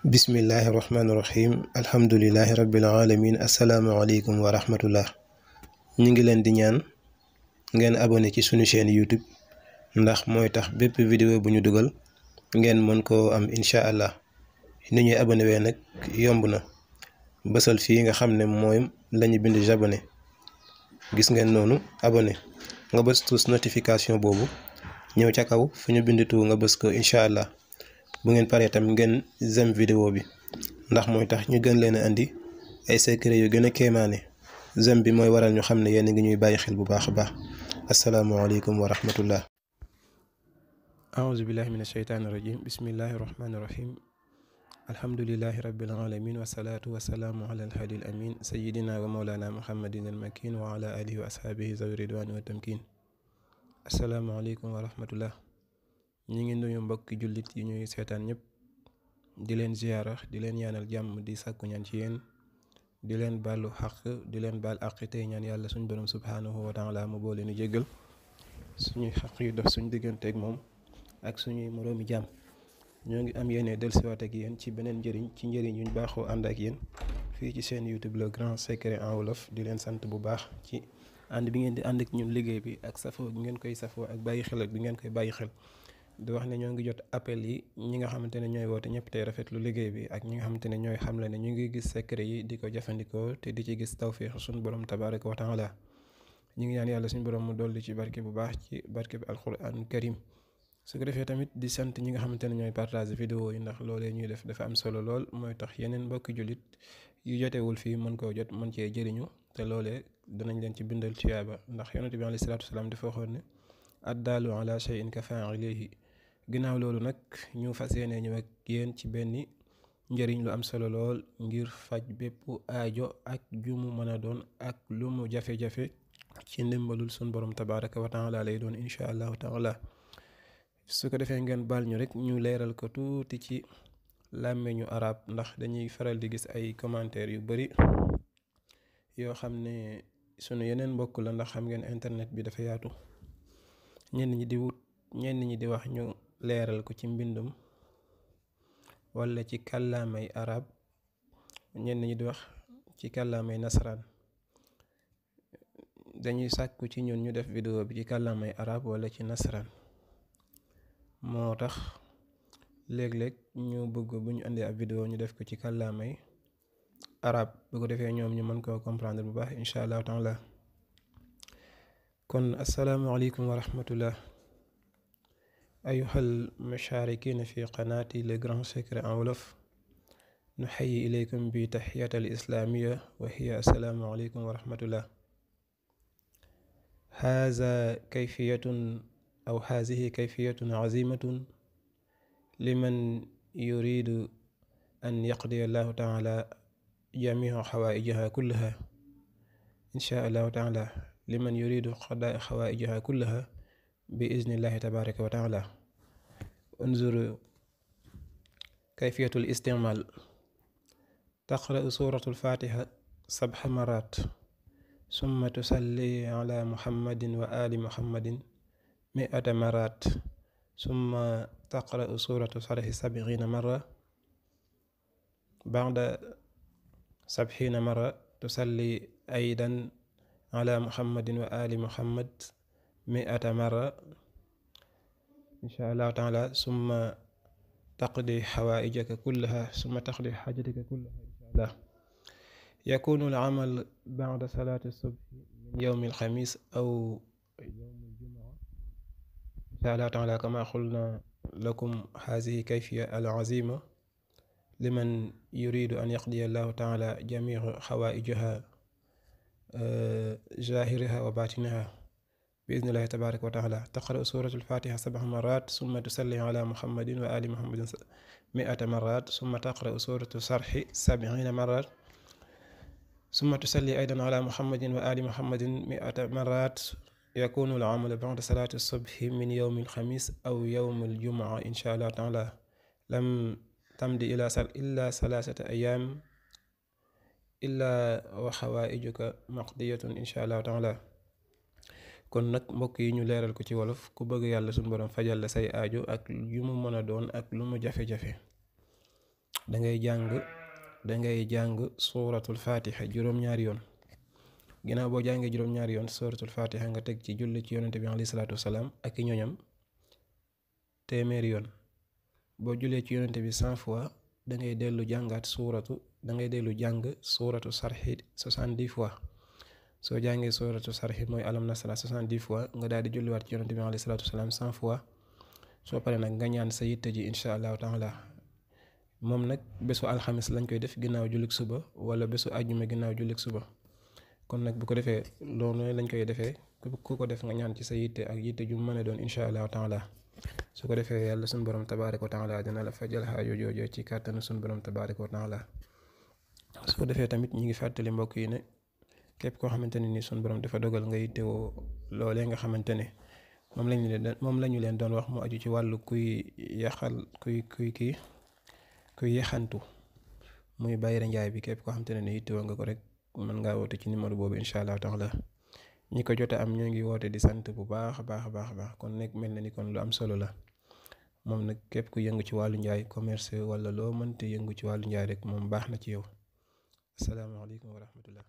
bismillahi rahmaani rahim alhamdulilahi rabbil alamin asalaamaaleykum wa rahmatullah ñu ngi leen di ñaan ngeen abonné ci suñu chaîne youtube ndax mooy tax bépp vidéo bu ñu dugal ngeen mën koo am incha allah ni ñuy abonné wee nag yomb na bësal fii nga xam ne mooy la ñu bind j'abonné gis ngeen noonu abonné nga bës tous notification boobu ñëw ca kaw fu ñu bind tu nga bës ko incha allah bu ngeen paree tam ngeen zem vidéo bi ndax mooy tax ñu gën leen a andi ay secret yu gën a kéemaane zem bi mooy waral ñu xam ne yéen a ngi ñuy bàyyi xel bu baax a baax asalaamualeykum wa rahmatullah aousubillahi min asheytaani irajim bismillahi irrahmaani irrahim alhamdulilahi rabbil alamin wasalaatu wasalaamu ala alhadi al amin sayidina wa mawlana muhammadin al makin wa ala alihi wa ashaabihi zawi ridwani wa tamkin asalaamaaleykum wa rahmatullah ñu ngi nuyu mbokki jullit yi ñuy seetaan ñëpp di leen ziyaara di leen ñaanal jàmm di sàkku ñaan ci yéen di leen baalu xaq di leen baal àq tey ñaan yàlla suñ borom subhaanahu wa taala mu boole nu jéggal suñuy xaq yu dox suñ digganteeg moom ak suñuy moroomi jàmm ñoo ngi am yéene dellusiwaat ak yéen ci beneen njëriñ ci njëriñ yuñ baaxoo ànd ak yéen fii ci seen YouTube le grand secret en wolof di leen sant bu baax ci ànd bi ngeen di ànd ak ñun liggéey bi ak safoo bi ngeen koy safoo ak bàyyi xel bi ngeen koy bàyyi xel di wax ne ñoo ngi jot appel yi ñi nga xamantene ne ñooy woote ñëpp tey lu liggéey bi ak ñi nga xamantene ne ñooy xamle ne ñu ngi gis secret yi di ko jëfandikoo te di ci gis tawfiix sun borom tabaraka wa taala ñi ngi ñaan yàlla suñ borom mu dolli ci barke bu baax ci barke bi alquran karim su ko defee tamit di sant ñi nga xamantene ne ñooy partage vidéo yi ndax loolee ñuy def dafa am solo lool mooy tax yeneen mbokki julit yu jotewul fii mën koo jot mën cee jëriñu te loolee danañ leen ci bindal tuyaaba ndax yonente bi alayhi salaatu wasalaam dafa waxoon ne addaalu ala cheyin ka failihi ginaaw loolu nag ñu fasiyene yéene ñëw ak yéen ci benn njëriñ lu am solo lool ngir faj bépp aajo ak jumu mu mën a doon ak lu mu jafe-jafe ci ndimbalul sun borom tabaraka wa taala lay doon insha allahu taala su ko defee ngeen bal ñu rek ñu leeral ko tuuti ci làmmeñu arab ndax dañuy faral di gis ay commentaire yu bari yoo xam ne sunu yeneen mbokk la ndax xam ngeen internet bi dafa yaatu ñenn ñi di wut ñenn ñi di wax ñu leeral ko ci mbindum walla ci kàllaamay arab ñenn ñi di wax ci kàllaamay nasaraan dañuy sàkku ci ñun ñu def vidéo bi ci kàllaamay arab walla ci nasaraan moo tax léeg-léeg ñu bëgg bu ñu indee ab vidéo ñu def ko ci kàllaamay arab bu ko defee ñoom ñu mën koo comprendre bu baax incha allahu taala kon asalaamaaleykum wa rahmatullah أيها المشاركين في قناة لغران سكر أولف نحيي إليكم بتحية الإسلامية وهي السلام عليكم ورحمة الله هذا كيفية أو هذه كيفية عظيمة لمن يريد أن يقضي الله تعالى جميع حوائجها كلها إن شاء الله تعالى لمن يريد قضاء حوائجها كلها بإذن الله تبارك وتعالى انظروا كيفية الاستعمال تقرأ سورة الفاتحة سبع مرات ثم تصلي على محمد وآل محمد مئة مرات ثم تقرأ سورة صالح سبعين مرة بعد سبعين مرة تصلي أيضا على محمد وآل محمد مئة مرة إن شاء الله تعالى ثم تقضي حوائجك كلها ثم تقضي حاجتك كلها إن شاء الله يكون العمل بعد صلاة الصبح من يوم الخميس أو يوم الجمعة إن شاء الله تعالى كما قلنا لكم هذه كيفية العزيمة لمن يريد أن يقضي الله تعالى جميع حوائجها آه، ظاهرها وباطنها بإذن الله تبارك وتعالى تقرأ سورة الفاتحة سبع مرات ثم تصلي على محمد وآل محمد مئة مرات ثم تقرأ سورة الصرح سبعين مرات ثم تصلي أيضا على محمد وآل محمد مئة مرات يكون العمل بعد صلاة الصبح من يوم الخميس أو يوم الجمعة إن شاء الله تعالى لم تمضي إلى إلا ثلاثة أيام إلا وحوائجك مقضية إن شاء الله تعالى kon nag mbokk yi ñu leeral ko ci wolof ku bëgg yàlla suñu borom fajal la say aajo ak yu mu mën a doon ak lu mu jafe-jafe dangay jàng dangay jàng suuratul faatixa juróom-ñaari yoon ginnaaw boo jàngee juróom-ñaari yoon suuratul faatixa nga teg ci julli ci yonente bi alayhi salaatu wasalaam ak i ñoñam téeméeri yoon boo jullee ci yonente bi cent fois dangay dellu jàngaat suuratu dangay dellu jàng suuratu sarxi soixante di fois soo jàngee suratu sarxi mooy alam nasra 70 fois nga daal di julliwaat ci yonante bi alayhi salaatu wasalaam soo paree nag nga ñaan sa yitte ji incha allahu la moom nag bésu alxamis lañ koy def ginnaaw jullik suba wala bésu àjjuma ginnaaw jullik suba kon nag bu ko defee loolu lañ koy defee ku ko def nga ñaan ci sa yitte ak yitte ju mën a doon incha allahu la su ko defee yàlla sunu borom tabaaraka wa taala dina la fajal xaajo joojo ci kàttanu sunu borom tabaaraka wa taala su ko fàttali mbokk yi ne képp koo xamanteni ni sun borom dafa dogal nga yittewoo loolee nga xamanteni ne moom lañu leen moom lañu leen doon wax mu aju ci wàllu kuy yaxal kuy kuy kii kuy yaxantu muy Bayré Ndiaye bi képp koo xamante ne ni yittewoo nga ko rek mën ngaa woote ci numéro boobu incha allah taala ñi ko jotee am ñoo ngi woote di sant bu baax baax baax baax kon nekk mel ni kon lu am solo la moom nag képp ku yëngu ci wàllu njaay commerce wala loo mënti yëngu ci wàllu njaay rek moom baax na ci yow asalaamaaleykum wa rahmatullah